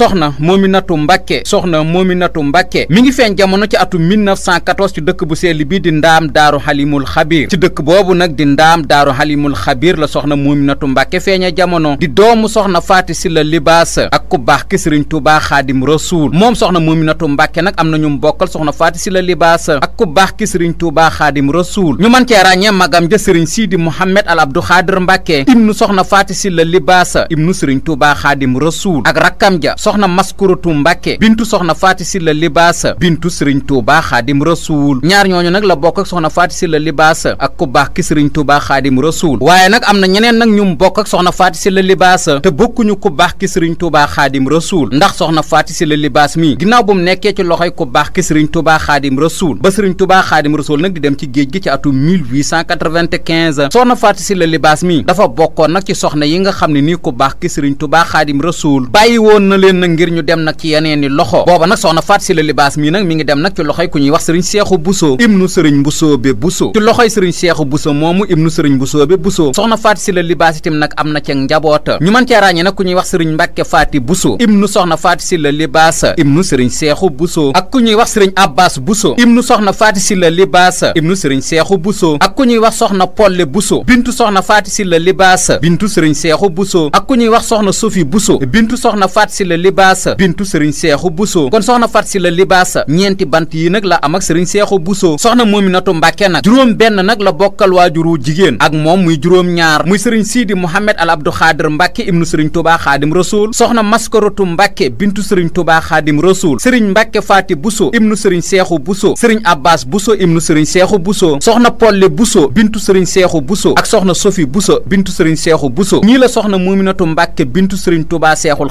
soxna Moominatu Mbàkke soxna Moominatu Mbàkke mi ngi feeñ jamono ci atu 1914 ci dëkk bu sell bi di ndaam daaru xalimul xabir ci dëkk boobu nag di ndaam daaru xalimul xabir la soxna Moominatu Mbàkke feeña jamono di doomu soxna Faati Silla Libaasa ak ku baax ki Sëriñ Tuubaa Xaadim Rasuul moom soxna Moominatu Mbàkke nag am na ñu bokkal soxna Faati Silla Libaasa ak ku baax ki Sëriñ Tuubaa Xaadim Rasuul ñu mën cee ràññee magam ja Sëriñ Siidi Muhammad al Abdu Xaadir Mbàkke ibnu soxna Faati Silla Libaasa ibnu Sëriñ Tuubaa Xaadim Rasuul ak rakkam ja soxna maskuratu mbàkke bintu soxna faati silla libaasa bintu sëriñ tuuba xaadim rasuul ñaar ñooñu nag la bokk ak soxna faati silla libaasa ak ku baax ki na ñeneen nag ñum bokk ak soxna faati silla libaasa te bokkuñu ku baax ki sëriñ tuuba xaadim rasuul ndax soxna faati silla libaas mi ginnaaw bu mu nekkee ci loxoy ku baax ki sëriñ tuuba xaadim rasuul ba sëriñ tuuba xaadim rasuul nag di dem ci géej gi ci atum 1895 soxna faati silla libaas mi dafa bokkoon nag ci soxna yi nga xam ne nii ku baax ki sëriñ tuuba xaadim rasuul bàyyi woon na leen leen nag ngir ñu dem nag ci yeneen i loxo booba nag soxna faat si la libaas mii nag mi ngi dem nag ci loxoy ku ñuy wax sëriñ seexu buso ibnu sëriñ am na ca njaboota ñu mën cee nag ku ñuy wax sëriñ mbàkke faati buso ibnu soxna si la libaasa ibnu sëriñ seexu buso ak ku ñuy wax sëriñ abbas buso ibnu soxna faati si la libaasa ibnu sëriñ seexu buso ak ku ñuy wax soxna polle buso bintu soxna faati si la libaasa bintu sëriñ seexu buso ak ku ñuy wax soxna sofi buso bintu soxna faat si la libaasa bintu sëriñ seexu busoo kon soxna fat si la libaasa ñeenti bant yi nag la am ak sëriñ seexu busoo soxna moominatu mbàkke nag juróom benn nag la bokkal waajuru jigéen ak moom muy juróom ñaar muy sëriñ siidi mohammed al abdu xaadir mbàkke ibnu sëriñ tubaa xaadim rasuul soxna maskaratu mbàkke bintu sëriñ tubaa xaadim rasuul sëriñ mbàkke faati buso ibnu sëriñ seexu buso sëriñ abbas buso ibnu sëriñ seexu buso soxna polle buso bintu sëriñ seexu buso ak soxna sofi buso bintu sëriñ seexu buso ñii la soxna moominatu mbàkke bintu sëriñ tubaa seexul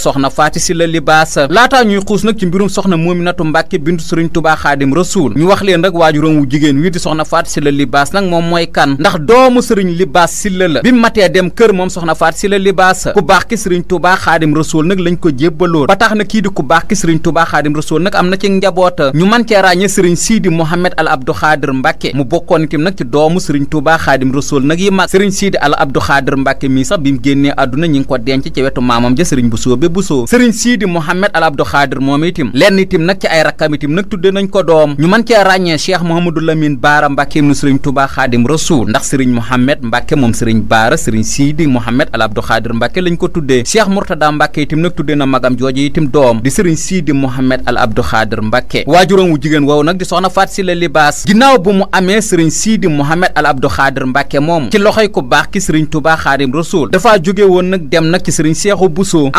soxna faat si la libaas laataa ñuy xuus nag ci mbirum soxna moominatu mbàkke bintu sëriñ tubaa xaadim rasuul ñu wax leen rek waajuram wu jigéen wii di soxna faati si la libaas nag moom mooy kan ndax doomu sëriñ libaas si la la bi matee dem kër moom soxna faat si la libaas ku baax ki sëriñ tubaa xaadim rasuul nag lañ ko jébbaloon ba tax na kii di ku baax ki sëriñ tubaa xaadim rasuul nag am na ci njaboota ñu man cee ràññe sëriñ siidi mohammed al abdou xaadir mbàkke mu bokkoon itam nag ci doomu sëriñ tubaa xaadim rasuul nag yi mag sëriñ siidi al abdou xaadir mbàkke mii sax bi mu génnee àdduna ko denc ci wetu maamam ja sëriñ bu Bousso sëriñ Siidi Mouhamed Al Abdou Khadir moom itim lenn itim nag ci ay rakkam itim nag tudde nañ ko doom ñu mën cee ràññee Cheikh Mouhamadou Lamine Baara Mbàkke ibnu sëriñ Touba Khadim Rasoul ndax sëriñ Mouhamed Mbàkke moom sëriñ Baara sëriñ Siidi Mouhamed Al Abdou Khadir Mbàkke lañ ko tuddee Cheikh Mourtada Mbàkke itim nag tudde na magam jooju itim doom di sëriñ Siidi Mouhamed Al Abdou Khadir Mbàkke waajuram wu jigéen woowu nag di soxna Faat Sila Libaas ginnaaw bu mu amee sëriñ Siidi Mouhamed Al Abdou Khadir Mbàkke moom ci loxoy ku baax ki sëriñ Touba Khadim Rasoul dafa jóge woon nag dem nag ci sëriñ Seexu Bousso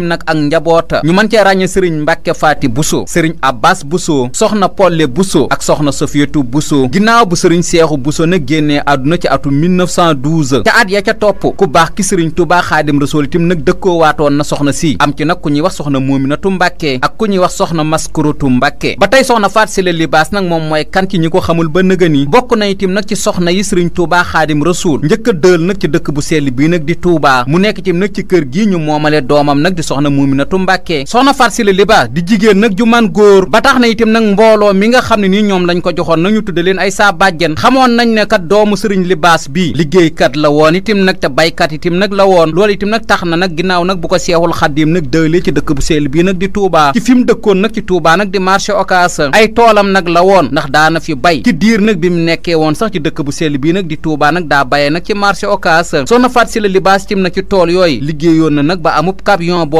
xaakim nag ak njaboota ñu mën cee ràññe sëriñ Mbàkke Faati Buso sëriñ Abbas Buso soxna Polle Buso ak soxna Sofiyatu Buso ginnaaw bu sëriñ Seexu Buso nag génnee àdduna ci atu 1912 ca at ya ca topp ku baax ki sëriñ Tuubaa Xaadim Rasuul itam nag dëkkoo waatoon na soxna si am ci nag ku ñuy wax soxna Moominatu Mbàkke ak ku ñuy wax soxna Maskurutu Mbàkke ba tey soxna Faat Sele Libaas nag moom mooy kan ci ñi ko xamul ba nëgëni bokk na itam nag ci soxna yi sëriñ Tuubaa Xaadim Rasuul njëkk a dël nag ci dëkk bu sell bii nag di Tuubaa mu nekk itam nag ci kër gii ñu moomale doomam nag di soxna Muminatu Mbàkke soxna Farsile Liba di jigéen nag ju man góor ba tax na itam nag mbooloo mi nga xam ne nii ñoom lañ ko joxoon nañu tudde leen ay saa xamoon nañ ne kat doomu sëriñ Libaas bi liggéeykat la woon itam nag te baykat itam nag la woon loolu itam nag tax na nag ginnaaw nag bu ko seexul xaddiim nag dëlee ci dëkk bu seel bii nag di Touba ci fi mu dëkkoon nag ci Touba nag di marché Ocass ay toolam nag la woon ndax daana fi bay ci diir bi mu nekkee woon sax ci dëkk bu seel bii nag di Touba nag daa bayee nag ci marché Ocass soxna Farsile Libaas itam tool yooyu liggéeyoon na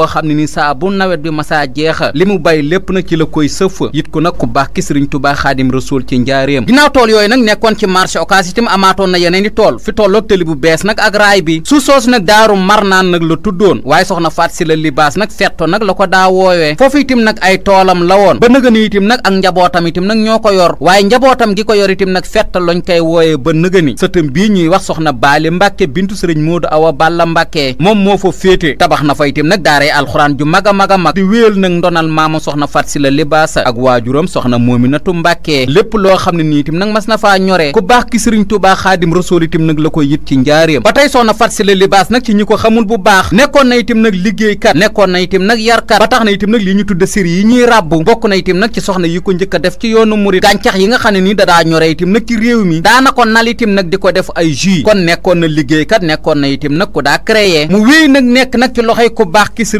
boo xam ne ni saa bu nawet bi masaa jeexa li mu bay lépp nag ci la koy sëf yit ko nag ku baax ki sëriñ Tuubaa Xaadim ci njaareem ginnaaw tool yooyu nag nekkoon ci marché Ocass itam amaatoon na yeneen i tool fi tolloog tëli bu bees nag ak raay bi su soosu nag daaru marnaan nag la tuddoon waaye soxna Faat si la libaas nag fetto nag la ko daa woowee foofu itam nag ay toolam la woon ba nëga ni itam nag ak njabootam itam nag ñoo ko yor waaye njabootam gi ko yor itam nag fetto lañ koy wooyee ba nëga ni sëtam bii ñuy wax soxna Baali Mbàkke bintu sëriñ Moodu Awa Balla Mbàkke moom moo fa féete tabax daaray alxuraan ju mag a mag a mag di wéel nag ndonal maama soxna Fat Sylla Libaas ak waajuram soxna Moominatu Mbàkke lépp loo xam ne nii itam nag mas na faa ñoree baax ki Sëriñ Xaadim Rasuul itam nag la koy yit ci njaareem ba tey soxna Fat Sylla Libaas nag ci ñi ko xamul bu baax nekkoon na itam nag liggéeykat nekkoon na itam nag yarkat ba tax na itam nag li ñu tudde yi ñuy ràbbu bokk na itam nag ci soxna yi ko njëkk def ci yoonu murit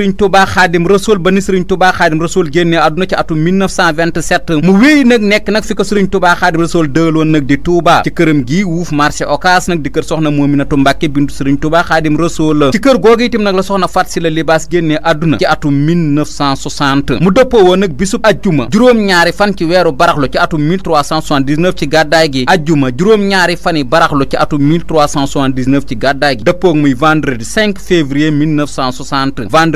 sëriñ Touba Xaadim Rasul ba ni sëriñ Touba Xaadim Rasul génnee àdduna ci atum 1927 mu wéy nag nekk nag fi ko sëriñ Touba Xaadim Rasul nag di Touba ci këram gi wuuf marché Ocass nag di kër soxna Moominatu Mbàkke bintu sëriñ Touba Xaadim Rasul ci kër googu itam nag la soxna Fat Sylla Libaas génnee àdduna ci atum mu dëppoo woon nag bisub ajjuma juróom-ñaari fan ci weeru baraxlu ci atum ci gàddaay gi ajjuma juróom-ñaari fan yi baraxlu ci atum ci gàddaay gi dëppoog muy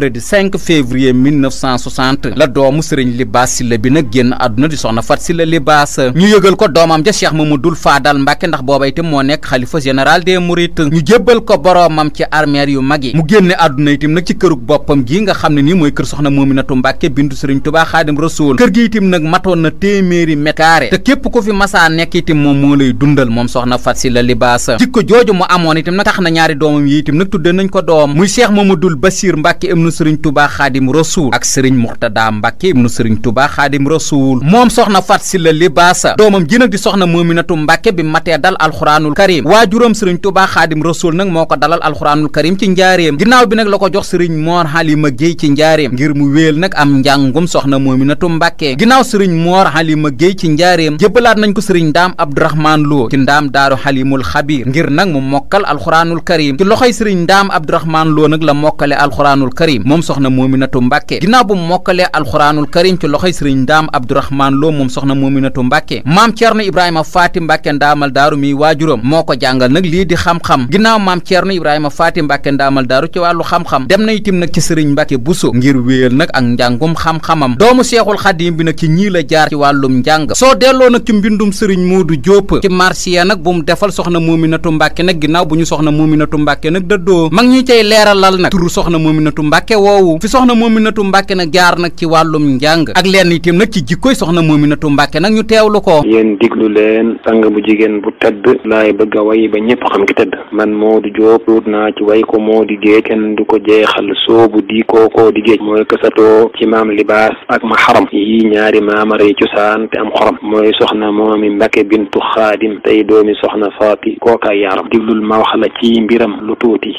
vendredi 5 février 1960 la doomu sëriñ Libaas Silla bi nag génn àdduna di soxna Fat Silla Libaas ñu yëgal ko doomam ja Cheikh Mamadul Faadal Mbàkke ndax booba itam moo nekk xalifa général des Mourides ñu jébbal ko boroomam ci armeer yu mag yi mu génne àdduna itam nag ci kërug boppam gi nga xam ne nii mooy kër soxna Moominatu Mbàkke bintu sëriñ Tuubaa Xaadim kër gi itam nag matoon na téeméeri mètre carré te képp ku fi masaa nekk itam moom moo lay dundal moom sëriñ tubaa xaadim rasuul ak sëriñ muxtada mbàkke ibnu sëriñ tubaa xaadim rasuul moom soxna si la libaasa doomam ji nag di soxna moominatu mbakke bi matee dal alxuraanul karim waajuram sëriñ tubaa xaadim rasuul nag moo ko dalal alxuraanul karim ci njaareem ginnaaw bi nag la ko jox sëriñ moor xalima géey ci njaareem ngir mu wéel nag am njàngum soxna moominatu mbàkke ginnaaw sëriñ moor xalima géey ci njaareem jébbalaat nañ ko sëriñ ndaam abdourahmaan loo ci ndaam daaru xalimul xabiir ngir nag mu mokkal alxuraanul karim ci loxoy sëriñ ndaam abdourahmaan loo nag la mokkale moom soxna Moominatu Mbàkke ginnaaw bu mokkalee alxuraanul karim ci loxoy sëriñ ndaam Abdourahmaan Lo moom soxna Moominatu Mbàkke maam Ceerno Ibrahima Faati Mbàkke daaru mi waajuram moo ko jàngal nag lii di xam-xam ginnaaw maam Ibrahima Faati Mbàkke ndaamal daaru ci wàllu xam-xam dem na itim nag ci sëriñ Mbàkke Buso ngir wéyal nag ak njàngum xam-xamam doomu Seexul Xadiim bi nag ci ñii la jaar ci wàllum njàng soo delloo nag ci mbindum sëriñ Moodu Jóob ci marsiya nag bu mu defal soxna Moominatu Mbàkke nag ginnaaw bu ñu soxna Moominatu Mbàkke nag dëddoo mag ñuy cay leeralal nag turu soxna Moominatu Mbàkke mbàkke woowu fi soxna moominatu mbàkke nag jaar nag ci wàllum njàng ak lenn itam nag ci jikkoy soxna moominatu mbàkke nag ñu teewlu ko yéen diglu leen sang bu jigéen bu tedd laay bëgg a way ba ñëpp xam ki tedd man Modou Diop tuut naa way ko moo di kenn du ko jeexal soobu di kookoo di géej mooy kësatoo ci maam libaas ak ma xaram yii ñaari maamari cosaan te am xorom mooy soxna moomi mbàkke bintu xaadim tey doomi soxna faati kookaay yaaram diglul ma wax la ci mbiram lu tuuti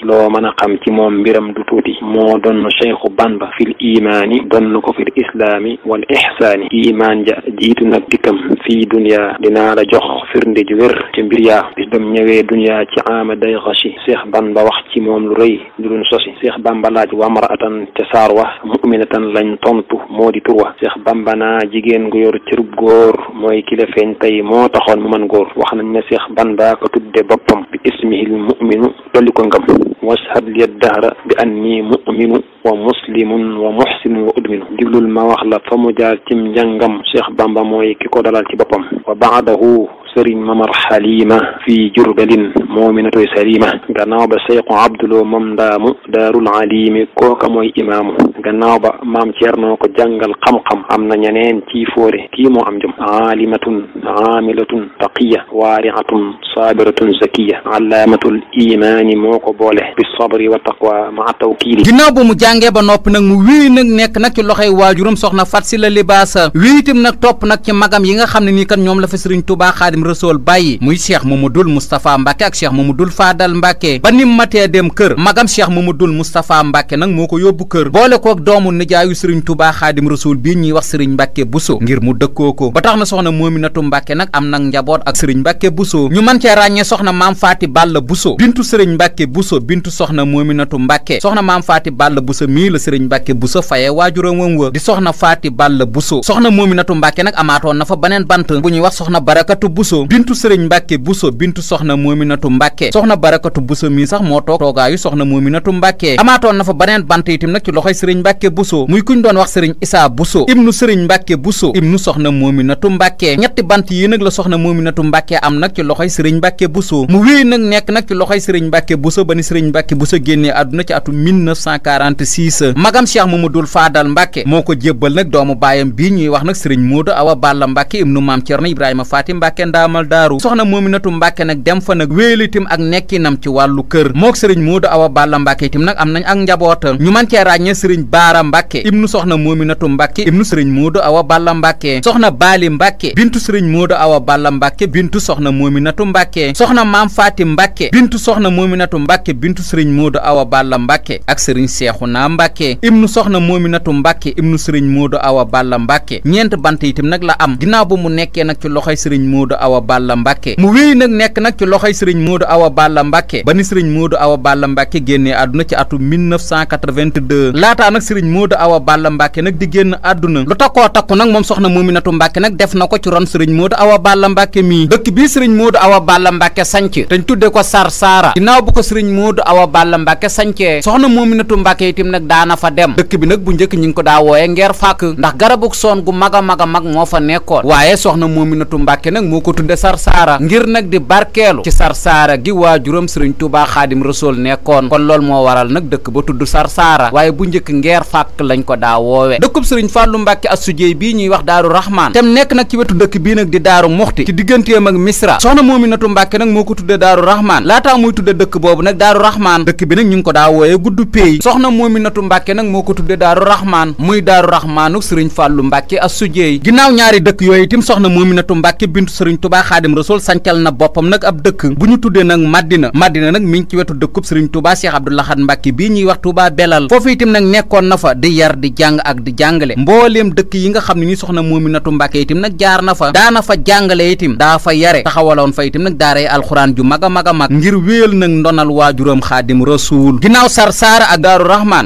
tuuti moo doon donn Cheikhu Bamba fil imaani donn ko fil islaami wal ihsaani imaan ja jiitu nag dikkam fii duniya dinaa la jox firnde ju wér ci mbir yaa bis bam ñëwee duniya ci aama day xashi Cheikh Bamba wax ci moom lu rëy lu dul sosi Cheikh Bamba laaj wamraatan ca saar wa muminatan lañ tontu moo di tur wa Cheikh Bamba naa jigéen gu yor cërub góor mooy ki la feeñ tey moo taxoon mu mën góor wax nañ ne Cheikh Bamba ko tudde boppam bi ismihil muminu dolli ko ngëm washhad dahra bi anni muminu wa muslimun wa muhsinun wa udminu diglul ma wax la fa mu jaar cim njàngam Cheikh Bamba mooy ki ko dalal ci boppam wa baadahu sëriñ mamar xalima fii jurbelin moominatoy salima gannaaw ba seyqu abdulo mam ndaamu daarul alimi kooka mooy imaamu gannaaw ba maam ceernoo ko jàngal xam-xam am na ñeneen ci foore kii moo am jom aalimatun aamilatun taqiya waariatun saabiratun zakiya allaamatul imaani moo ko boole bi sabri wa taqwa maa tawkiili ginnaaw ba mu jàng jàngee ba noppi nag mu wéy nag nekk nag ci loxoy waajuram soxna Fat Sylla Libaas wéy itam nag topp nag ci magam yi nga xam ne nii kat ñoom la fa Sëriñ Tuubaa Xaadim Rasuul bàyyi muy Cheikh Mamadul Moustapha Mbàkke ak Cheikh Mamadul Faadal Mbàkke ba nim matee dem kër magam Cheikh Mamadul Moustapha Mbàkke nag moo ko yóbbu kër boole kook doomu nijaayu Sëriñ Tuubaa Xaadim Rasuul bii ñuy wax Sëriñ Mbàkke Buso ngir mu dëkkoo ko ba tax na soxna Moominatu Mbàkke nag am nag njaboot ak Sëriñ Mbàkke Buso ñu mën cee ràññee soxna Maam Faati Balla Buso bintu Sëriñ Mbàkke Buso bintu soxna Moominatu Mbàkke soxna Maam Faati Balla Buso Bousso mii la sëriñ Mbàkke Bousso faye waajuram wa di soxna Faati Balla Bousso soxna Moominatu Mbàkke nag amaatoon na fa beneen bant bu ñuy wax soxna Barakatu Bousso bintu sëriñ Mbàkke Bousso bintu soxna Moominatu Mbàkke soxna Barakatu Bousso mii sax moo toog toogaayu soxna Moominatu Mbàkke amaatoon na fa beneen bant itam nag ci loxoy sëriñ Mbàkke Bousso muy kuñ doon wax sëriñ Isaa Bousso ibnu sëriñ Mbàkke Bousso ibnu soxna Moominatu Mbàkke ñetti bant yi nag la soxna Moominatu Mbàkke am nag ci loxoy sëriñ Mbàkke Bousso mu wéy nag nekk nag ci loxoy sëriñ Mbàkke Bousso ba ni sëriñ Mbàkke Bousso génnee àdduna ci atum 2006 magam cheikh mamadul faadal mbàkke moo ko jébbal nag doomu baayam bii ñuy wax nag sëriñ moodu awa balla mbàkke ibnu maam cerno ibrahima faati mbàkke ndaamal daaru soxna moominatu mbàkke nag dem fa nag wéyal itam ak nekkinam ci wàllu kër mook sëriñ moodu awa balla mbàkke itam nag am nañ ak njaboota ñu man cee ràññe sëriñ baara mbàkke ibnu soxna moominatu mbàkke ibnu sëriñ moodu awa balla mbàkke soxna baali mbàkke bintu sëriñ moodu awa balla mbàkke bintu soxna moominatu mbàkke soxna maam faati mbàkke bintu soxna moominatu mbàkke bintu sëriñ moodu awa balla mbàkke ak sëriñ seexuna Moustapha Mbacke ibnu soxna Moominatu Mbacke ibnu sëriñ Modou Awa Balla Mbacke ñeent bant itam nag la am ginnaaw ba mu nekkee nag ci loxo sëriñ Modou Awa Balla Mbacke mu wéy nag nekk nag ci loxoy sëriñ Modou Awa Balla Mbacke ba ni sëriñ Modou Awa Balla Mbacke génnee àdduna ci atu 1982 laataa nag sëriñ Modou Awa Balla Mbacke nag di génn àdduna lu takkoo takku nag moom soxna Moominatu Mbacke nag def na ko ci ron sëriñ Modou Awa Balla Mbacke mii dëkk bii sëriñ Modou Awa Balla Mbacke sanc dañ tudde ko Sar Saara ginnaaw bu ko sëriñ Modou Awa Balla Mbacke sancee soxna Moominatu Mbacke itam xaadim nag daana fa dem dëkk bi nag bu njëkk ñi ngi ko daa wooye ngeer ndax garabug soon gu mag a mag a moo fa nekkoon waaye soxna moominatu mbàkke nag moo ko tudde sarsaara ngir nag di barkeelu ci sarsaara gi waajuram sëriñ tubaa xaadim rasool nekkoon kon loolu moo waral nag dëkk ba tudd sarsaara waaye bu njëkk ngeer fàkk lañ ko daa woowe dëkkub sëriñ fàllu mbàkke asujey bii ñuy wax daaru raxmaan tem nekk nag ci wetu dëkk bii nag di daaru muxti ci digganteem ak misra soxna moominatu mbàkke nag moo ko tudde daaru raxmaan laataa muy tudde dëkk boobu nag daaru raxmaan dëkk bi nag ñu ngi ko daa wooye gudd péey soxna moomi Muminatu Mbàkke nag moo ko tudde daaru raxmaan muy daaru raxmaanu sëriñ fàllu mbàkke as sujeey ginnaaw ñaari dëkk yooyu itam soxna Muminatu Mbàkke bintu sëriñ Tubaa Xaadim Rasuul sancal na boppam nag ab dëkk bu ñu tuddee nag Madina Madina nag mi ngi ci wetu dëkkub sëriñ Tubaa Cheikh Abdou Lahad Mbàkke bii ñuy wax Tubaa belal foofu itam nag nekkoon na fa di yar di jàng ak di jàngale mbooleem dëkk yi nga xam ne ni soxna Muminatu Mbàkke itam nag jaar na fa daana fa jàngale itam daa fa yare taxawaloon fa itam nag daaray alxuraan ju mag a mag a mag ngir wéel nag ndonal waajuram Xaadim Rasuul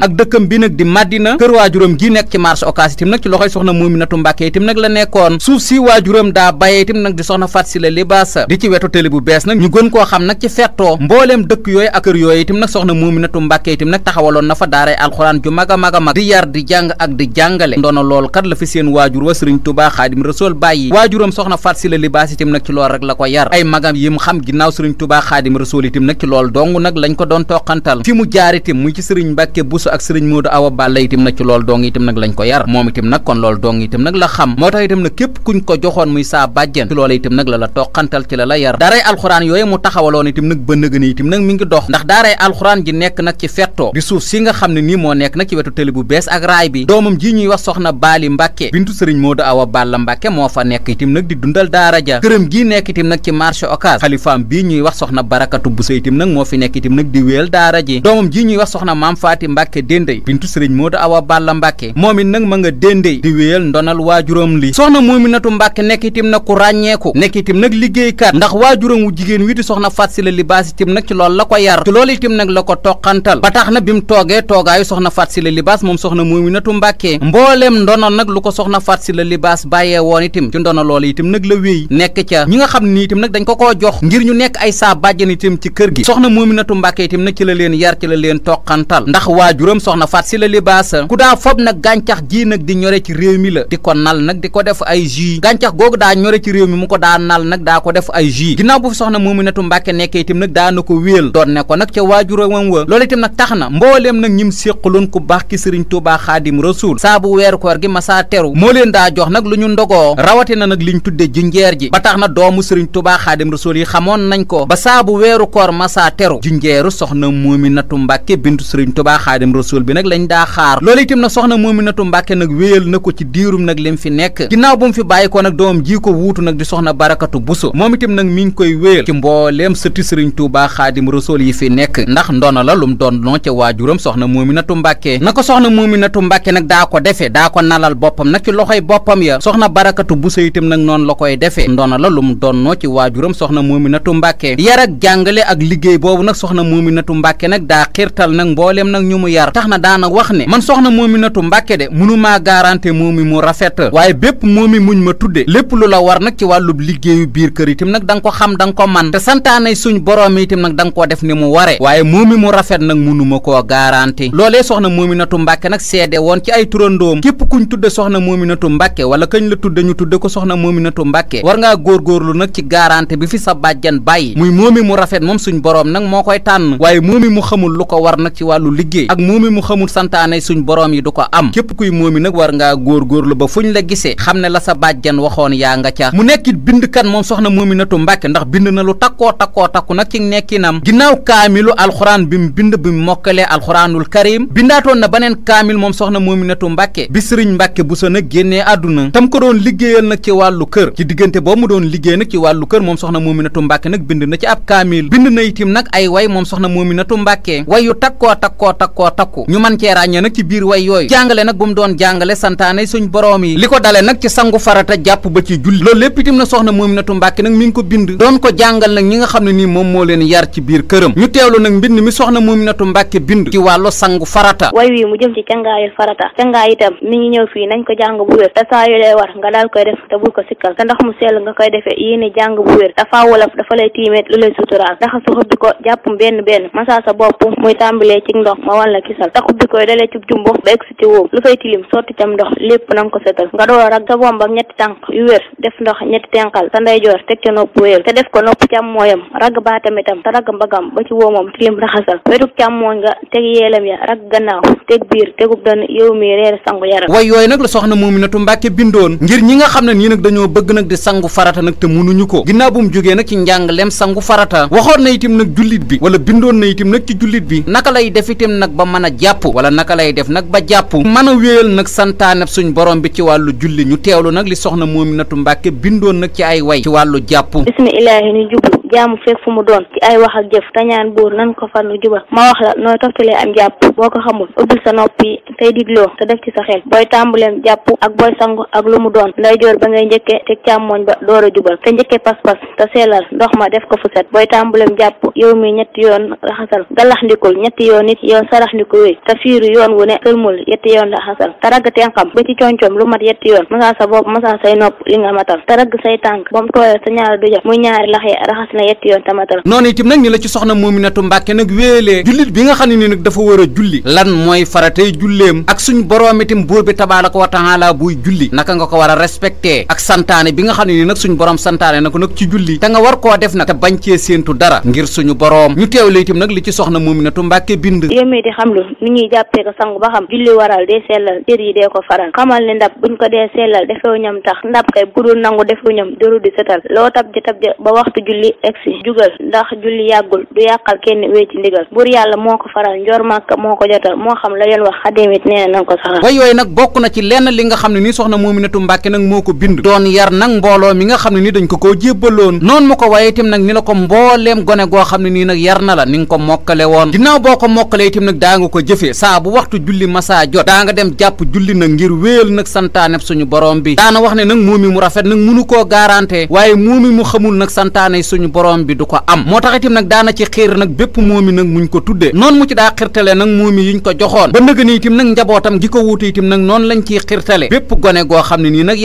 Njaasaan ak dëkkam bi nag di Madina kër waajuram gi nekk ci marché Ocass itam nag ci loxoy soxna Muminatu Mbàkke itam nag la nekkoon suuf si waajuram daa bayee itam nag di soxna Fat si la libaasa di ci wetu télé bu bees nag ñu gën koo xam nag ci fettoo mbooleem yooyu ak yooyu itam nag soxna Muminatu Mbàkke itam nag taxawaloon na fa daaray alxuraan ju mag a mag a di jàng ak di jàngale ndono loolu kat la fi seen waajur wa Sëriñ Tuubaa Xaadim Rasuul bàyyi waajuram soxna Fat si la libaas itam nag ci loolu rek la ko yar ay magam yim xam ginnaaw Sëriñ Tuubaa Xaadim Rasuul itam nag ci loolu dong nag lañ ko doon toqantal fi mu jaar itam mu ci Sëriñ Mbàkke Buso ak sëriñ Moodu Awa Balla itam nag ci loolu dong itam nag lañ ko yar moom itam nag kon loolu dong itam nag la xam moo tax itam nag képp kuñ ko joxoon muy saa bàjjen ci loola itam nag la la toqantal ci la la yar daaray alxuraan yooyu mu taxawaloon itam nag ba nëgën itam nag mi ngi dox ndax daaray alxuraan ji nekk nag ci fettoo di suuf si nga xam ne nii moo nekk nag ci wetu tëli bu bees ak raay bi doomam ji ñuy wax soxna Baali Mbàkke bintu sëriñ Moodu Awa Balla moo fi nekk itam di wéel daara ji doomam ji ñuy wax soxna Maam Mbàkke déndéy bintu sëriñ Moodu Awa Balla Mbàkke moom it nag ma nga déndéy di wéyal ndonal waajuram li soxna Muminatu Mbàkke nekk itam nag ku ràññeeku nekk itam nag liggéeykat ndax waajuram wu jigéen wi di soxna Fat Sylla Libaas itam nag ci loolu la ko yar ci loolu itam nag la ko toqantal ba tax na bi toogee toogaayu soxna Fat Sylla Libaas moom soxna Muminatu Mbàkke mbooleem ndono nag lu ko soxna Fat Sylla Libaas bàyyee woon itam ci ndono loolu itam turam soxna Faat Sylla Libaas ku daa fob nag gàncax gii nag di ñore ci réew mi la di ko nal nag di ko def ay jus gàncax googu daa ñore ci réew mi mu ko daa nal nag daa ko def ay jus ginnaaw bu fi soxna Muminatu Mbàkke nekkee itam nag daa na ko wéel doon ne ko nag ca waajuram wa loolu itam nag tax na mbooleem nag ñim séqaloon ku baax ki sëriñ Tuubaa Xaadim Rasuul saa bu weeru koor gi masaa teru moo leen daa jox nag lu ñu ndogoo rawati na nag liñ tudde junjeer ji ba tax na doomu sëriñ Tuubaa Xaadim Rasuul yi xamoon nañ ko ba saa bu weeru koor masaa teru junjeeru soxna Muminatu Mbàkke bintu sëriñ Tuubaa Xaadim rasul bi nag lañ daa xaar loolu itam nag soxna Muminatu Mbàkke nag wéyal na ko ci diirum nag lim fi nekk ginnaaw bu mu fi bàyyi ko nag doom ji ko wuutu nag di soxna barakatu buso moom la lum doon noo ca waajuram soxna Mbàkke na ko soxna Muminatu Mbàkke nag daa ko defee daa ko nalal boppam nag ci loxoy boppam ya soxna barakatu buso itam nag noonu la koy defee ndono la lum doon noo ci waajuram soxna Muminatu Mbàkke yar ak jàngale ak liggéey boobu nag soxna Muminatu Mbàkke nag daa far tax na daana wax ne man soxna Moominatu Mbàkke de mënumaa garanté moomi mu rafet waaye bépp moomi muñ ma tudde lépp lu la war nag ci wàllub liggéeyu biir kër itam nag da ko xam da nga man te santaanay suñ itam nag da koo def ni mu ware waaye moomi mu rafet nag munuma koo garanté loolee soxna Moominatu Mbàkke nag seede woon ci ay turandoom képp kuñ tudde soxna Moominatu Mbàkke wala kañ la tudde ñu tudde ko soxna Moominatu Mbàkke war ngaa góorgóorlu nag ci garanté bi fi sa bàjjan bàyyi muy moomi mu rafet moom suñ boroom nag moo koy tànn waaye moomi mu xamul lu ko war nag ci wàllu liggéey moomi mu xamul santaane suñ boroom yi du ko am képp kuy moomi nag war ngaa góorgóorlu ba fuñ la gisee xam ne la sa bàjjan waxoon yaa nga ca mu nekkit bindkat moom soxna Moominatu Mbàkke ndax bind na lu takkoo takkoo takku nag ci nekkinam ginnaaw kaamilu alxuraan bi mu bind bi mu mokkalee alxuraanul karim bindaatoon na beneen kaamil moom soxna Moominatu Mbàkke bi sëriñ Mbàkke bu sa nag génnee àdduna tam ko doon liggéeyal nag ci wàllu kër ci diggante boobu mu doon liggéey nag ci wàllu kër moom soxna Moominatu Mbàkke nag bind na ci ab kaamil bind na itim nag ay way moom soxna Moominatu Mbàkke wayu takkoo takkoo takkoo takku ñu man nag ba ci julli loolu lépp itam na soxna Muminatu Mbàkke nag mi ngi ko bind doon ko jàngal nag ñi nga xam ne nii moom moo leen yar ci biir këram ñu teewlu nag mbind ñëw fii nañ ko jàng bu wér te saa yu war nga daal koy def te bul ko sikkal te ndax mu sell nga koy defee yéene jàng bu wér dafa wolof dafa lay tiimeet lu lay suturaal ndax su xëbbi ko jàppum benn benn masaa sa bopp muy tàmbalee ci ndox ma wan la Macky Sall takub bi koy dalee cib jumbo ba egg si ci wóom lu fay tilim sotti cam ndox lépp na nga ko setal nga door a rag sa bombam ñetti tànk yu wér def ndox ñetti tenqal sa ndeyjoor teg ca nopp wéer te def ko nopp càmmooyam rag ba ci wóomam tilim raxasal wetuk càmmooñ nga teg yeelam ya rag reer sangu yaram way yooyu nag la soxna Muminatu Mbàkke bindoon ngir ñi nga xam ne nii nag dañoo bëgg nag di sangu farata nag te munuñu ko ginnaaw bu mu jógee nag ci njàngaleem sangu farata waxoon na itam nag jullit bi wala bindoon na mën a jàpp wala naka lay def nag ba jàpp mën a wéyal nag santaaneb suñ borom bi ci wàllu julli ñu teewlu nag li soxna Moominatu Mbàkke bindoon nag ci ay way ci wàllu jàpp bismilaahi ñu jublu jaamu fekk fu mu doon ci ay wax ak jëf te ñaan buur nan ko far nu jubal ma wax la nooy toftalee am jàpp boo ko xamul ubbil sa noppi tey te def ci ba ngay njëkkee te njëkkee pas-pas ma def ko fu set booy tàmbuleem jàpp yow mi ñetti yoon raxasal galaxndikul ñetti yoon nit yoon saraxndiku wéy te fiiru yoon wu ne sëlmul yetti yoon raxasal te ragg tenxam ba ci concoom lu mat yetti yoon masaa sa bopp masaa say nopp li nga matal te ragg say tànk ba mu tooyal sa ñaari dujam muy ñaari lax yi raxas na yetti yoon tamatal noonu itam nag ni la ci soxna a Mbàkke nag wéelee jullit bi nga xam ne ni nag dafa war a julli lan mooy faratey julleem ak suñ boroom itam buur bi tabaaraka wa taala buy julli naka nga ko war a respecté ak santaane bi nga xam ni nag suñ boroom santaane na nag ci julli te nga war koo def nag te bañ cee séentu dara ngir suñu boroom ñu teew la itam nag li ci soxna Muminatu Mbàkke bind yómmee di xam lu ni ñuy jàppee ko sangu ba xam julli waral dee sellal cër yi dee ko faral xamal ne ndab buñ ko dee sellal egsi jugal ndax julli yàggul du yàqal kenn wéy ci ndigal moo ko faral njor moo ko jotal la leen wax xadim na yooyu nag bokk na ci lenn li nga xam ne nii soxna Muminatu Mbàkke nag moo ko bind doon yar nag mbooloo mi nga xam ne ni dañ ko koo jébbaloon noonu mu ko waaye itam nag ni la ko mbooleem gone goo xam ne nii nag yar na la ni nga ko mokkale woon ginnaaw boo ko mokkale itam nag daa nga ko jëfee saa bu waxtu julli masaa jot daa nga dem jàpp julli nag ngir wéel nag santaaneb suñu borom bi daana wax ne nag muumi nag mënu koo gaarante waaye muumi mu xamul nag santaane borom bi du ko am moo tax itam nag daana ci xiir nag bépp moomi nag muñ ko tuddee noonu mu ci daa xirtale nag moomi yuñ ko joxoon ba nëgëni itam nag njabootam gi ko wuute itam nag noonu lañ ciy xirtale bépp gone goo xam ne nii nag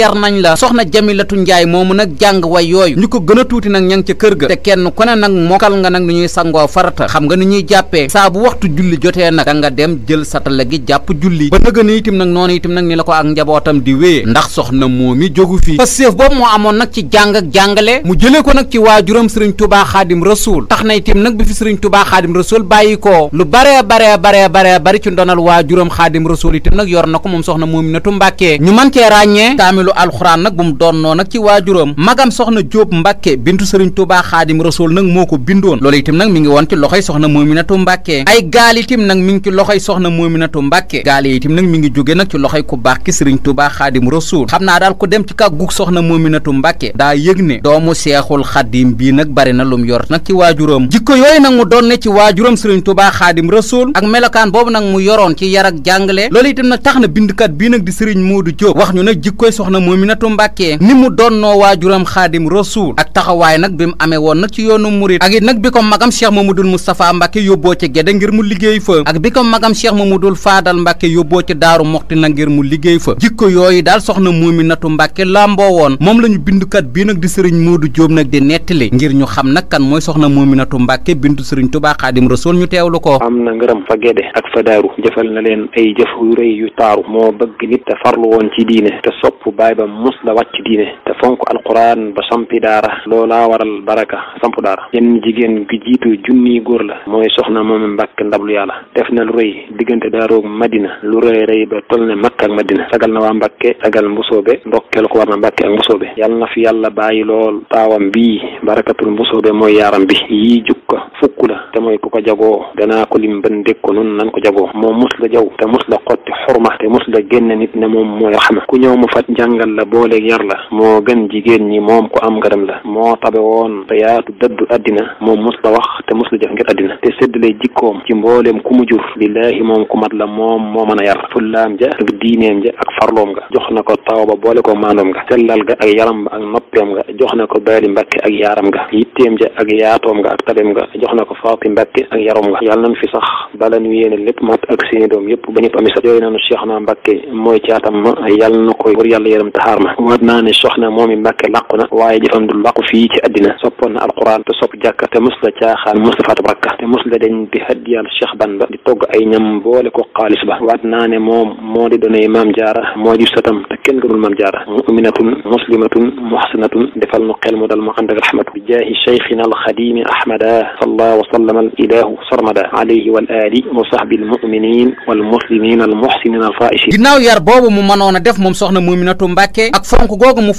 ñu ko gën a tuuti nag ña ngi ca kër ga te kenn ku ne nag mokkal nga nag ni ñuy sangoo farata xam nga ni ñuy jàppee saa bu waxtu julli jotee la ko ak njabootam di wéyee ndax soxna moomi jógu fii parce que boobu moo amoon nag ci jàng jàngale mu jëlee ko nag ci waajuram sëriñ sëriñ tubaa xaadim rasuul tax na itam nag bi fi sëriñ tubaa xaadim rasuul bàyyi ko lu bare bare bare bare bari ci ndonal waajuram xaadim rasuul itam nag yor na ko moom tu Muminatu Mbàkke ñu mën cee ràññee kaamilu alxuraan nag bu mu doonnoo nag ci waajuram magam soxna Jóob Mbàkke bintu sëriñ tubaa xaadim rasuul nag moo ko bindoon loolu itam nag mi ngi woon ci loxoy soxna Muminatu Mbàkke ay gaal itam mi ngi ci loxoy soxna Muminatu Mbàkke gaal itam nag mi ngi jóge ci loxoy ku baax ki sëriñ tubaa xaadim rasuul xam naa daal ku dem ci kàggug soxna Muminatu Mbàkke daa yëg ne doomu seexul xaadim bii nag nag bari na lum yor nag ci waajuram jikko yooyu nag mu doon ne ci waajuram sëriñ Tuubaa xaadim rasul ak melokaan boobu nag mu yoroon ci yar ak jàngale loolu itam nag tax na bindkat bi nag di sëriñ Moodu Jóob wax ñu nag jikkoy soxna Moominatu Mbàkke ni mu doonnoo waajuram xaadim rasul ak taxawaay nag bi mu amee woon nag ci yoonu murit ak it nag bi ko magam Cheikh Mamadul Moustapha Mbàkke yóbboo ci Gede ngir mu liggéey fa ak bi ko magam Cheikh Mamadul Faadal Mbàkke yóbboo ci Daaru Moxti nag ngir mu liggéey fa jikko yooyu daal soxna Moominatu Mbàkke làmboo woon moom la ñu bindkat bii nag di sëriñ Moodu Jóob nag ñu xam nag kan mooy soxna Muminatu Mbàkke bintu Sëriñ Tuubaa Xaadim Rasuul ñu teewlu ko am na ngërëm fa gede ak fa daaru jëfal na leen ay jëf yu rëy yu taaru moo bëgg nit te farlu woon ci diine te sopp baay ba mus la wàcc diine te fonk alquran ba sampi daara loolaa waral baraka samp daara jenn jigéen gi jiitu junniy góor la mooy soxna moom mbàkke ndablu yàlla def na lu rëy diggante daaroog madina lu rëy rëy ba toll ne makka madina sagal na waa mbàkke sagal mbusoobe ndokkeel ko war na mbàkke ak mbusoobe yàlla na fi yàlla bàyyi lool taawam bii barakatul mbusoobe mooy yaaram bi yii jukka fukk la te mooy ku ko jagoo danaa ko lim ban dégg ko noonu ko jagoo moom mus la jaw te mus la xotti xurma te mus la génn nit ne moom mooy xam ku ñëw mu fat njàngal la boole yar la moo mboolem jigéen ñi moom ku am ngaram la moo tabe woon te yaatu dëddu addina moom mus la wax te mus la jëf ngir addina te séddale jikkoom ci mboolem ku mu jur lillaahi moom ku mat la moom moo mën a yar fullaam ja ak diineem ja ak farloom nga jox na ko taw ba boole ko maandoom nga sellal ga ak yaram ba ak noppeem nga jox na ko baali mbàkke ak yaaram nga yitteem ja ak yaatoom nga ak tabeem nga jox na ko faati mbàkke ak yaroom nga na nañ fi sax bala ñu yéene lépp mat ak seeni doom yëpp ba ñëpp ami sa yooyu naanu Cheikh naa Mbàkke ma yàlla na koy war yàlla yaram moom i Mbàkke làqu na waaye jëfam du làqu fii ci àddina soppoon na alquran te sopp jàkka te mos la caaxaan mos la faatub te mos la dañ di haddiyal Cheikh Bamba di togg ay ñam boole ko xaalis ba waat naa moom moo di donay maam jaara moo di satam te kenn gënul maam jaara muminatun muslimatun muhsinatun defal nu xel mu dal mu ànd ak rahmatu bi jaahi cheikhina alxadimi ahmada salla wa sallama al ilahu sarmada alayhi wal ali wa sahbi almuminin walmuslimin almuhsinin alfaishin ginnaaw yar boobu mu mënoon a def moom soxna muminatu Mbàkke ak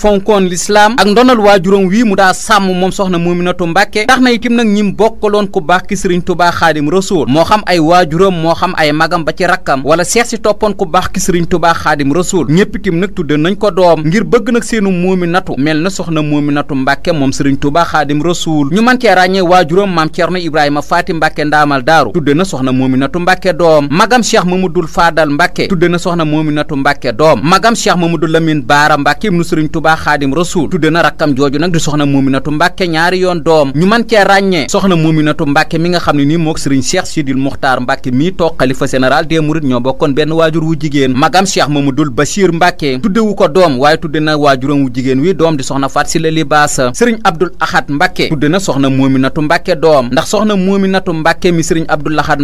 fonk dénkoon lislaam ak ndonal waajuram wii mu daa sàmm moom soxna Muminatu Mbàkke tax na itim nag ñim bokkaloon ku baax ki sëriñ Tubaa Xaadim Rasuul moo xam ay waajuram moo xam ay magam ba ci rakkam wala seex si toppoon ku baax ki sëriñ Tubaa Xaadim Rasuul ñépp itim nag tudde nañ ko doom ngir bëgg nag seenu Muminatu mel na soxna Muminatu Mbàkke moom sëriñ Tubaa Xaadim Rasuul ñu man cee ràññee waajuram maam Ceerno Ibrahima Faati Mbàkke ndaamal daaru tudde na soxna Muminatu Mbàkke doom magam Cheikh Mamadul Faadal Mbàkke tudde na soxna Muminatu Mbàkke doom magam Cheikh Mamadul Lamin Baara Mbàkke ibnu sëriñ Tubaa xaadim rasul tudde na rakkam jooju nag di soxna Muminatu Mbàkke ñaari yoon doom ñu man cee ràññee soxna Muminatu Mbàkke mi nga xam ne nii mook sëriñ Cheikh Sidil Muxtaar Mbàkke mii toog xalifa général des mourides ñoo bokkoon benn waajur wu jigéen magam Cheikh Mamadul Bachir Mbàkke tuddewu ko doom waaye tudde na waajuram wu jigéen wi doom di soxna Faat Sila Libaasa sëriñ Abdul Ahad Mbàkke tudde na soxna Muminatu Mbàkke doom ndax soxna Muminatu Mbàkke mi sëriñ Abdul Ahad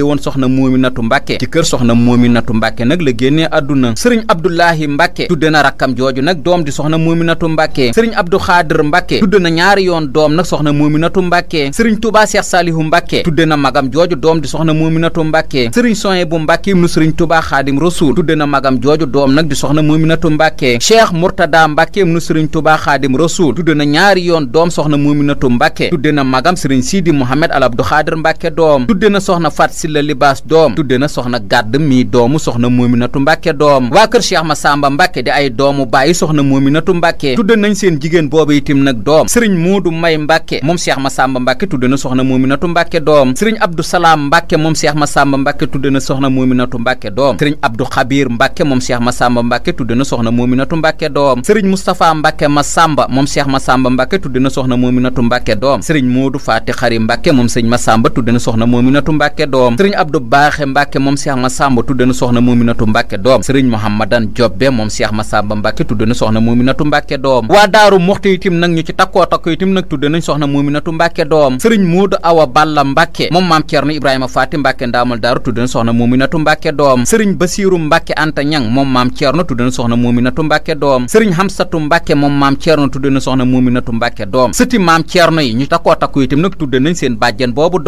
woon soxna Muminatu Mbàkke ci kër soxna Muminatu Mbàkke nag la génnee àdduna sëriñ Abdullahi Mbàkke tudde na rakkam jooju nag doom di soxna Moominatu Mbàkke sëriñ Abdu Xaadir Mbàkke tudde na ñaari yoon doom nag soxna Moominatu Mbàkke sëriñ Tuubaa Saalihu Mbàkke tudde na magam jooju doom di soxna Moominatu Mbàkke sëriñ Sohaybu Mbàkke ibnu sëriñ Tuubaa Xaadim Rasuul tudde na magam jooju doom nag di soxna Moominatu Mbàkke Cheikh Murtada Mbàkke ibnu sëriñ Tuubaa Xaadim Rasuul tudde na yoon doom soxna Moominatu Mbàkke tudde na magam sëriñ Sidi Mohamed Al Abdu Xaadir Mbàkke doom tudde na soxna Fat Silla Libaas doom tudde na soxna Gàdd mi doomu soxna Moominatu Mbàkke doom waa kër Cheikh Masamba Mbàkke di ay doomu bàyyi soxna Moominatu Mbàkke Mbacke tudde nañ seen jigéen boobu itim nag doom sëriñ Moodu May Mbacke moom Cheikh Massamba Mbacke tudde na soxna Muminatu Mbacke doom sëriñ Abdou Salaam Mbacke moom Cheikh Massamba Mbacke tudde na soxna Muminatu Mbacke doom sëriñ Abdou Xabir Mbacke moom Cheikh Massamba Mbacke tudde na soxna Muminatu Mbacke doom sëriñ Moustapha Mbacke Massamba moom Cheikh Massamba Mbacke tudde na soxna Muminatu Mbacke doom sëriñ Moodu Faati Xari Mbacke moom sëriñ Massamba tudde na soxna Muminatu Mbacke doom sëriñ Abdou Baaxe Mbacke moom Cheikh Massamba tudde na soxna Muminatu Mbacke doom sëriñ Mouhamadan Jobbe moom Cheikh Massamba Mbacke tudde na soxna Muminatu Mbacke Mbàkke doom waa daaru moxti itim nag ñu ci takkoo takko itim nag tudde nañ soxna Muminatu Mbàkke doom sëriñ Moodu Awa Balla Mbàkke moom maam Ceerno Ibrahima Faati Mbàkke ndaamal daaru tudde nañ soxna Muminatu Mbàkke doom sëriñ Basiiru Mbàkke moom maam Ceerno tudde nañ soxna Muminatu Mbàkke doom sëriñ Xamsatu Mbàkke moom maam Ceerno tudde nañ soxna Muminatu Mbàkke doom sëti maam Ceerno yi ñu takkoo takko itim nag tudde nañ seen bàjjen boobu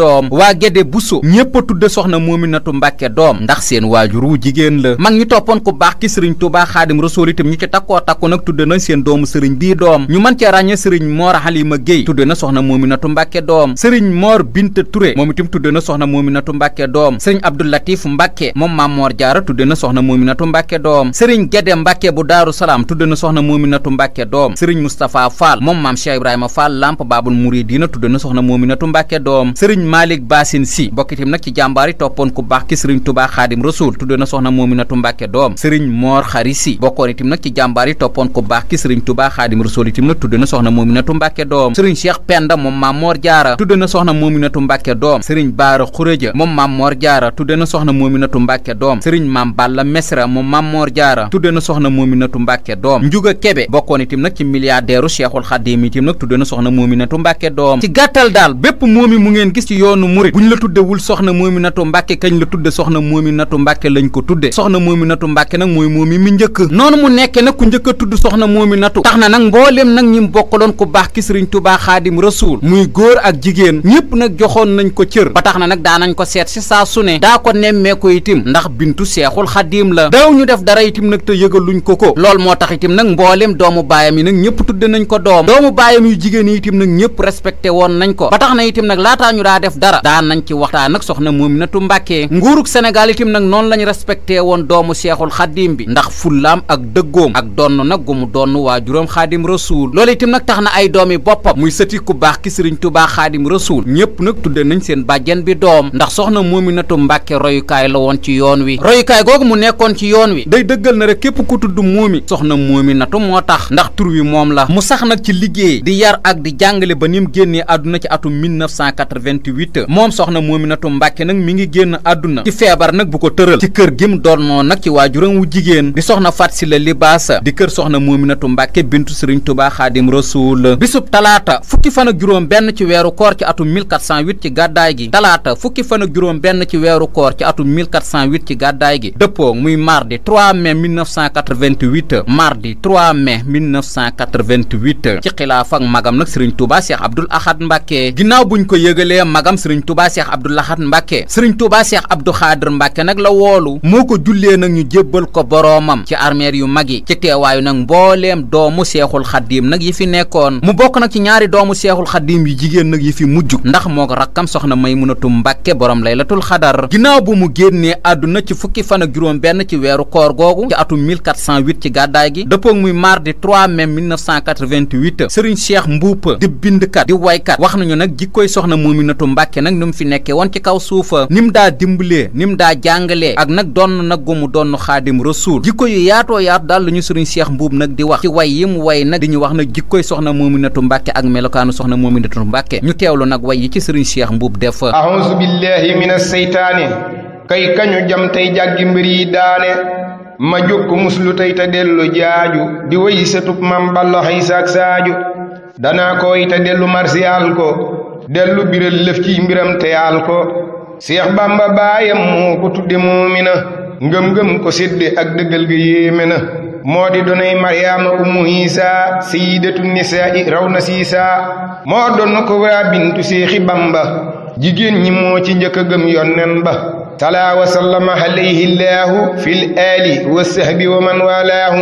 a seen doomu sëriñ bii doom ñu mën cee ràññee sëriñ moor xalima géey tudde na soxna moominatu mbàkke doom sëriñ moor binta ture moom itam tudde na soxna moominatu mbàkke doom sëriñ abdulatif mbàkke moom maam moor jaara tudde na soxna moominatu mbàkke doom sëriñ gede mbàkke bu daaru salaam tudde na soxna moominatu mbàkke doom sëriñ moustapha fall moom maam cheikh ibrahima fall lamp baabul muridina tudde na soxna moominatu mbakke doom sëriñ malik basin si bokk itam nag ci jàmbaar yi toppoon ku baax ki sëriñ tubaa xaadim rasul tudde na soxna moominatu mbàkke doom sëriñ moor xari si bokkoon itam nag ci jàmbaar yi toppoon ku sëriñ Touba Xaadim Rasuul itam nag tudd na soxna Mominatu Mbàkke doom sëriñ Cheikh Penda moom Maam Moor Jaara tudd na soxna Mominatu Mbàkke doom sëriñ Baara Jaara tudd na soxna Mominatu na soxna Mbàkke doom Njuga Kebe bokkoon itam nag ci milliardaireu Cheikhul Xaadim itam nag tudd na soxna Mominatu Mbàkke doom ci gàttal daal bépp moomi mu ngeen gis ci yoonu murit buñ la tuddewul soxna Mominatu Mbàkke kañ la tudde soxna Mominatu Mbàkke lañ Mbàkke nag a nominatu tax na nag mboolem nag ñi mu bokkaloon ku baax ki sëriñ tubaa xaadim rasuul muy góor ak jigéen ñëpp nag joxoon nañ ko cër ba tax na nag nañ ko seet si saa su ne daa ko nemmee ko itim ndax bintu seexul xadim la daw ñu def dara itim nag te yëgaluñ ko ko loolu moo tax itim nag mboolem doomu baayam yi nag ñëpp tudd nañ ko doom doomu baayam yu jigéen yi itim nag ñëpp respecté woon nañ ko ba tax na itim nag laataa ñu daa def dara daan nañ ci waxtaan nag soxna Muminatu Mbàkke nguurug Sénégal itim nag noonu lañ respecté woon doomu seexul xadim bi ndax fullaam ak dëggoom ak donn nag gu mu donn kanamu waajuram xaadim rasuul loolu itam nag tax na ay doomi boppam muy sëti ku baax ki sëriñ tubaa xaadim rasuul ñëpp nag tudde nañ seen bàjjen bi doom ndax soxna Muminatu Mbàkke royukaay la woon ci yoon wi royukaay googu mu nekkoon ci yoon wi day dëggal na rek képp ku tudd Mumi soxna Muminatu moo tax ndax tur wi moom la mu sax nag ci liggéey di yar ak di jàngale ba ni mu génnee àdduna ci atum 1988 moom soxna Muminatu Mbàkke nag mi ngi génn àdduna ci feebar nag bu ko tëral ci Mbàkke bintu Sëriñ Tuubaa Xaadim Rasuul bisub talaata fukki fan ak juróom benn ci weeru koor ci atum 1408 ci gàddaay gi talaata fukki fan ak juróom benn ci weeru koor ci atum 1408 ci gàddaay gi dëppoo muy mardi 3 mai 1988 mardi 3 mai 1988 ci xilaaf ak magam nag Sëriñ Tuubaa Cheikh Abdoul Ahad Mbàkke ginnaaw buñ ko yëgalee magam Sëriñ Tuubaa Cheikh Abdoul Ahad Mbàkke Sëriñ Tuubaa Cheikh Abdou Xaadir Mbàkke nag la woolu moo ko jullee nag ñu jébbal ko boroomam ci armeer yu mag yi ci mboolem doomu seexul xaddiim nag yi fi nekkoon mu bokk nag ci ñaari doomu seexul xaddiim yu jigéen nag yi fi mujj ndax mook rakkam soxna Maymunatu Mbàkke borom laylatul xadar ginnaaw bu mu génnee àdduna ci fukki fan ak juróom benn ci weeru koor googu ci atum 1408 ci gàddaay gi dëppoog muy mardi 3 mai 1988 sëriñ Cheikh Mbuupa di bindkat di waykat wax nañu nag jikkoy soxna Muminatu Mbàkke nag ni mu fi nekkee woon ci kaw suufa ni mu daa dimbalee ni mu daa jàngalee ak nag donn nag gu mu donn xaadim rasuul jikko yu yaatoo yaatu daal la ñu sëriñ Cheikh Mbuub way yi mu way nag di ñu wax nag jikkoy soxna Muminatu Mbàkke ak melokaanu soxna Muminatu Mbàkke ñu teewlu nag way yi ci sëriñ Cheikh Mbuub def ahousu billahi min asseytaani kay kañu jam tey jàggi mbir yi daane ma jokk muslu tey te dellu jaaju di way satub mam ballo xay saak saaju danaa koy te dellu marsiyaal ko dellu biral lëf ci mbiram teyaal ko Seex Bamba baayam moo ko tudde muumina ngëm-ngëm ko sédde ak dëggal ga yéeme na moo di donay maryaama ummu isa sayidatu nisaa'i rawna siisa moo donn ko waa bintu seexi bamba jigéen ñi moo ci njëkk a gëm yonnen ba salaa wa sallama alayhi llaahu fil aali wa sahbi wa man walaahu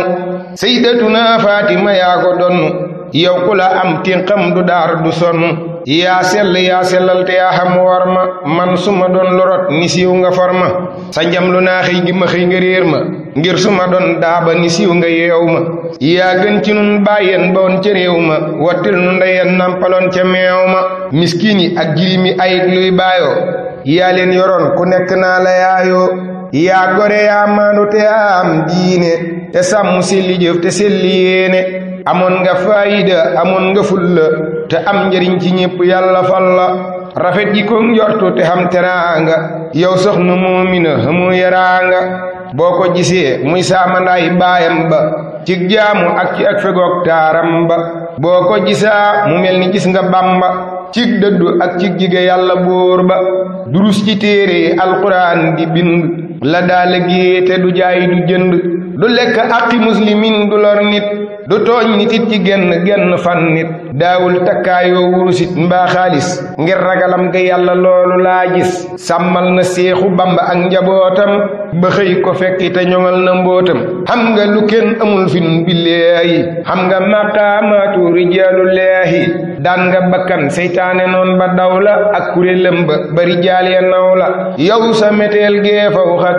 sayyidatuna fatima yaa ko donnu yow ku la am tinqam du daar du sonn yaa sell yaa sellal te yaa xam war ma man suma doon lorot ni siiw nga for ma sa njam lu naa xëy gi ma xëy nga ma ngir suma ma doon daaba ni siiw nga yeew ma yaa gën ci nun bàyyen bawoon ca réew ma wattil nu ndeyen nampaloon ca meew ma miskiin yi ak jirim yi ayit luy baayoo yaa leen yoroon ku nekk naa la yaayoo yaa gore yaa maandu te am diine te sàmm selli jëf te selli yéene amoon nga faayida amoon nga fulla te am njëriñ ci ñépp yàlla fal la rafet ji ko njortu te xam teraanga yow soxna moomina xamu yaraanga boo ko gisee muy saamandaay baayam ba ci jaamu ak ci ak fegoog taaram ba boo ko gisaa mu mel ni gis nga bàmba cig dëddu ak cig jige yàlla bóor ba durus ci téere alxuraan di bind la daale géete du jaay du jënd du lekk aqi muslimin du lor nit du tooñ nit it ci genn genn fan nit daawul takkaayoo wurusit mbaa xaalis ngir ragalam ga yàlla loolu laa gis sàmmal na seexu bamba ak njabootam ba xëy ko fekki te ñoŋal na mbootam xam nga lu kenn amul fi nun billaahi xam nga maqaamaatu rijaalullaahi daan nga bakkan seytaane noon ba daw la ak kuréelam ba bari jaal ya naw la yow sa meteel gee faw xa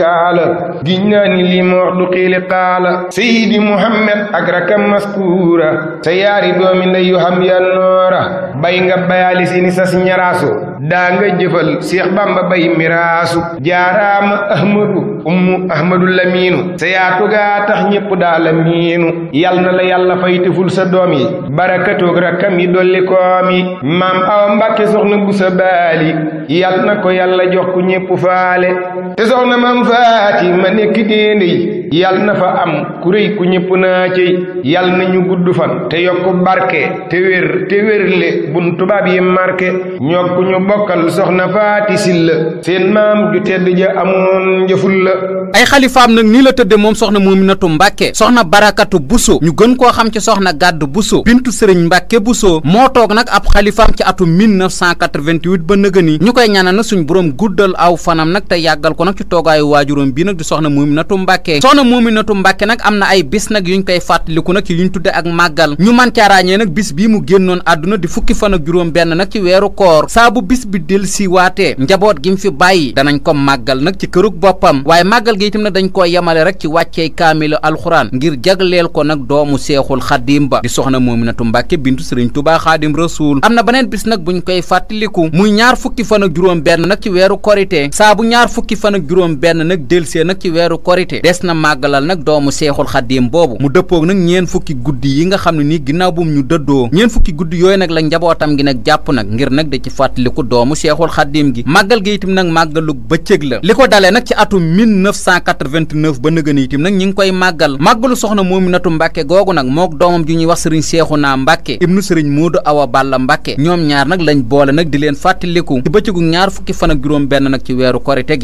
kaala giñ naa ni lii moo fardu xiili qaala sayidi muhammad ak rakam maskuura sa doomi ndeyu xam ya noora bay nga bayaali sini sas ñaraasu daa nga jëfal seex bamba bay miraasu jaaraama ahmadu ummu ahmadu lamiinu sa yaatugaa tax ñépp daa lamiinu yal na la yàlla faytiful sa doom yi barakatoog rakkam yi dolli koom yi maam awa soxna bu sa baali yal na ko yàlla jox ku ñépp faale te soxna maam faati ma nekk déende yal na fa am ku réy ku ñëpp naa cey yal na ñu gudd fan te yokk barke te wér te wérle bun tubaab yi marke ñokk ñu bokkal soxna faati silla seen maam ju tedd ja amoon njëful la ay xalifaam nag nii la tëdde moom soxna Muminatu Mbàkke soxna barakatu bu buso ñu gën koo xam ci soxna gàdd buso bintu sëriñ mbàkke buso moo toog nag ab xalifaam ci atum 1988 ba nëgëni ñu koy ñaanal na suñ boroom guddal aw fanam nag te yàggal ko nag ci toogaayu waajuróom bii nag di soxna Muminatu Mbàkke soxna Muminatu Mbàkke nag am na ay bis nag ñu koy fàttaliku nag yu ñu tudde ak màggal ñu man ca ràññee nag bis bi mu génnoon àdduna di fukki fan juróom benn nag ci weeru koor saa bis bi del si waatee njaboot gi mu fi bàyyi danañ ko màggal nag ci kërug boppam waaye màggal gi itam nag dañ koo yemale rek ci wàccee kaamilu alxuraan ngir jagleel ko nag doomu seexul xadim ba di soxna Muminatu Mbàkke bintu sëriñ Tuubaa xaadim rasuul am na beneen bis nag buñ koy fàttaliku muy ñaar fukki fan juróom benn nag ci weeru korite saa bu ñaar fukki fan ak juróom benn nag del see nag ci weeru korite des na màggalal nag doomu seexul xaddiim boobu mu dëppoog nag ñeen fukki guddi yi nga xam ne nii ginnaaw bu ñu dëddoo ñeen fukki guddi yooyu nag la njabootam gi nag jàpp nag ngir nag da ci fàttaliku doomu seexul xaddiim gi màggal gi itam nag màggalu bëccëg la li ko dalee nag ci atum 1989 ba nëgën itam nag ñi ngi koy màggal màggalu soxna Moominatu Mbàkke googu nag mook doomam ju ñuy wax sëriñ Seexuna Mbàkke ibnu sëriñ Moodu Awa Balla Mbàkke ñoom ñaar nag lañ boole nag di leen fàttaliku ci bëccëgu ñaar fukki fan ak juróom benn nag ci weeru korite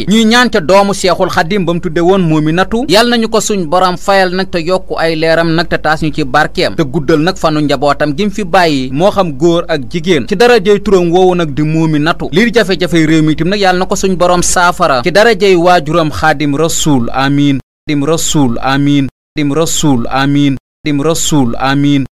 yal nañu ko suñ borom fayal nag te yokku ay leeram nag te taas ñu ci barkeem te guddal nag fanu njabootam gi mu fi bàyyi moo xam góor ak jigéen ci dara darajey turam woowu nag di moomi natu lii jafe-jafey réew mi itam nag yal na ko suñ borom saafara ci dara darajey waajuram xaadim rasul amin xaadim rasul amin xaadim rasul amin xaadim rasul amin